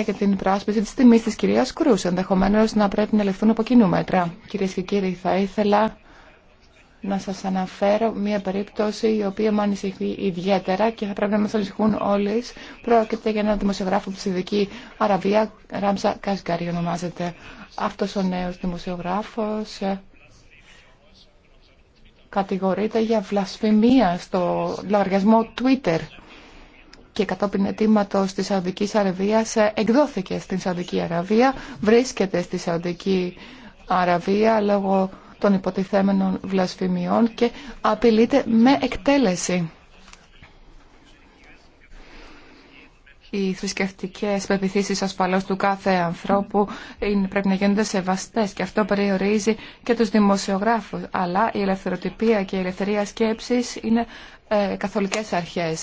για την πράσπιση τη τιμή τη κυρία Κρού. Ενδεχομένω να πρέπει να ληφθούν από κοινού μέτρα. Κυρίε και κύριοι, θα ήθελα να σα αναφέρω μία περίπτωση η οποία με ανησυχεί ιδιαίτερα και θα πρέπει να μα ανησυχούν όλοι. Πρόκειται για έναν δημοσιογράφο από τη Σιδική Αραβία, Ράμσα Κασγκάρι ονομάζεται. Αυτό ο νέο δημοσιογράφο ε, κατηγορείται για βλασφημία στο λογαριασμό Twitter και κατόπιν αιτήματο τη Σαουδική Αραβία ε, εκδόθηκε στην Σαουδική Αραβία, βρίσκεται στη Σαουδική Αραβία λόγω των υποτιθέμενων βλασφημιών και απειλείται με εκτέλεση. οι θρησκευτικέ πεπιθήσει ασφαλώ του κάθε ανθρώπου είναι, πρέπει να γίνονται σεβαστέ και αυτό περιορίζει και του δημοσιογράφου. Αλλά η ελευθεροτυπία και η ελευθερία σκέψη είναι ε, καθολικέ αρχέ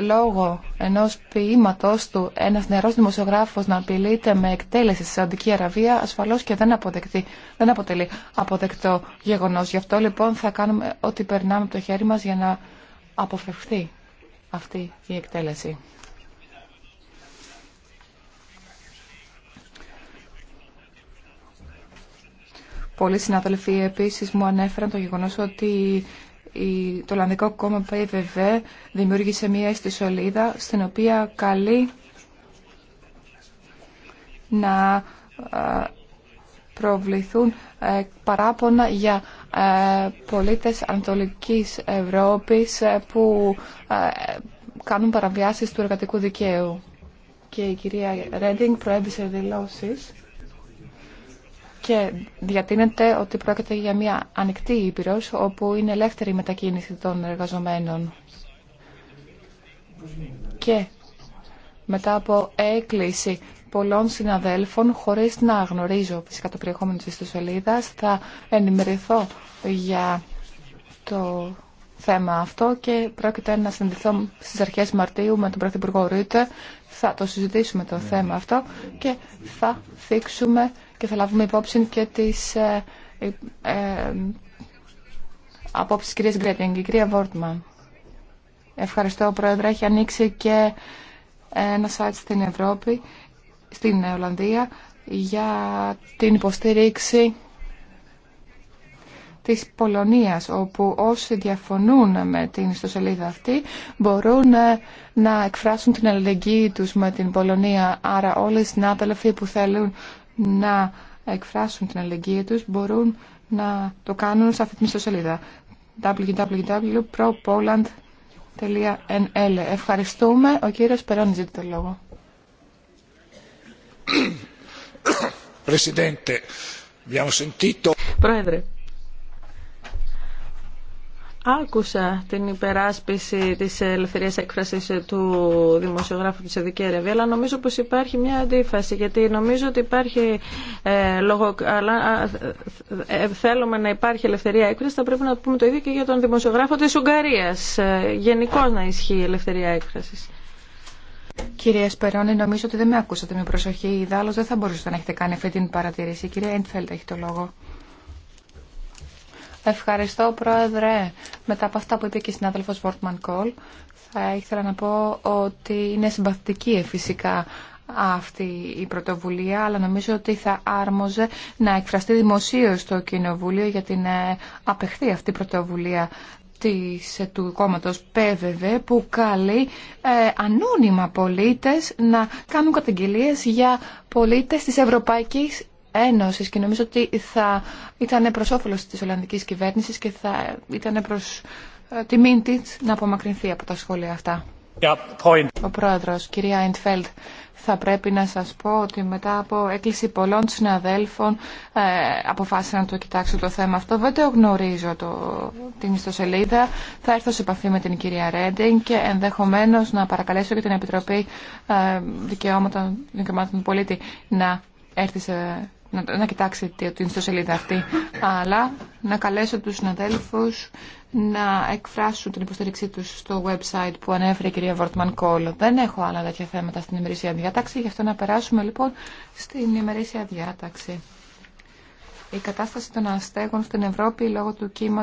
λόγω ενός ποίηματος του ένας νερός δημοσιογράφος να απειλείται με εκτέλεση στη Σαουδική Αραβία ασφαλώς και δεν, αποδεκτεί, δεν αποτελεί αποδεκτό γεγονός. Γι' αυτό λοιπόν θα κάνουμε ό,τι περνάμε από το χέρι μας για να αποφευχθεί αυτή η εκτέλεση. Πολλοί συναδελφοί επίσης μου ανέφεραν το γεγονός ότι το Ολλανδικό Κόμμα ΠΕΒΒ δημιούργησε μία ιστοσελίδα στην οποία καλεί να ε, προβληθούν ε, παράπονα για ε, πολίτες Ανατολικής Ευρώπης που κάνουν παραβιάσεις του εργατικού δικαίου. Και η κυρία Ρέντινγκ προέβησε δηλώσεις και διατείνεται ότι πρόκειται για μια ανοιχτή ήπειρος όπου είναι ελεύθερη η μετακίνηση των εργαζομένων. Και μετά από έκκληση πολλών συναδέλφων, χωρίς να γνωρίζω φυσικά το περιεχόμενο της ιστοσελίδας, θα ενημερωθώ για το θέμα αυτό και πρόκειται να συνδυθώ στις αρχές Μαρτίου με τον Πρωθυπουργό Θα το συζητήσουμε το ναι. θέμα αυτό και θα θίξουμε και θα λάβουμε υπόψη και τις ε, ε, ε απόψεις της κυρίας Γκρέτινγκ, η κυρία Βόρτμα. Ευχαριστώ, Πρόεδρε. Έχει ανοίξει και ένα site στην Ευρώπη, στην Ολλανδία, για την υποστήριξη της Πολωνίας, όπου όσοι διαφωνούν με την ιστοσελίδα αυτή μπορούν ε, να εκφράσουν την αλληλεγγύη τους με την Πολωνία. Άρα όλοι οι συνάδελφοι που θέλουν να εκφράσουν την αλληλεγγύη τους μπορούν να το κάνουν σε αυτή την ιστοσελίδα www.propoland.nl Ευχαριστούμε. Ο κύριος Περόν ζητεί το λόγο. Πρόεδρε, Άκουσα την υπεράσπιση της ελευθερίας έκφρασης του δημοσιογράφου της Ειδική αλλά νομίζω πως υπάρχει μια αντίφαση, γιατί νομίζω ότι υπάρχει ε, λόγο, αλλά ε, ε, θέλουμε να υπάρχει ελευθερία έκφραση, θα πρέπει να πούμε το ίδιο και για τον δημοσιογράφο της Ουγγαρίας. Ε, Γενικώ να ισχύει η ελευθερία έκφρασης. Κυρία Σπερώνη, νομίζω ότι δεν με ακούσατε με προσοχή. Ιδάλω δεν θα μπορούσατε να έχετε κάνει αυτή την παρατήρηση. Κυρία Έντφελτ έχει το λόγο. Ευχαριστώ, Πρόεδρε. Μετά από αυτά που είπε και η συνάδελφος Βόρτμαν Κόλ, θα ήθελα να πω ότι είναι συμπαθητική ε, φυσικά αυτή η πρωτοβουλία, αλλά νομίζω ότι θα άρμοζε να εκφραστεί δημοσίως το Κοινοβούλιο για την ε, απεχθή αυτή πρωτοβουλία της, ε, του κόμματος ΠΕΒΕΒΕ που καλεί ανώνυμα πολίτες να κάνουν καταγγελίες για πολίτες της Ευρωπαϊκής Ένωση και νομίζω ότι θα ήταν προ όφελο τη Ολλανδική κυβέρνηση και θα ήταν προς ε, τη τη να απομακρυνθεί από τα σχόλια αυτά. Yeah, Ο πρόεδρο. κυρία Εντφέλτ, θα πρέπει να σα πω ότι μετά από έκκληση πολλών συναδέλφων ε, αποφάσισα να το κοιτάξω το θέμα αυτό. Δεν το γνωρίζω το, την ιστοσελίδα. Θα έρθω σε επαφή με την κυρία Ρέντινγκ και ενδεχομένω να παρακαλέσω και την Επιτροπή ε, Δικαιώματων, Δικαιωμάτων του Πολίτη να έρθει σε να, να κοιτάξετε την ιστοσελίδα αυτή, αλλά να καλέσω τους συναδέλφους να εκφράσουν την υποστήριξή τους στο website που ανέφερε η κυρία Βόρτμαν Κόλλο. Δεν έχω άλλα τέτοια θέματα στην ημερήσια διάταξη, γι' αυτό να περάσουμε λοιπόν στην ημερήσια διάταξη. Η κατάσταση των αστέγων στην Ευρώπη λόγω του κύματος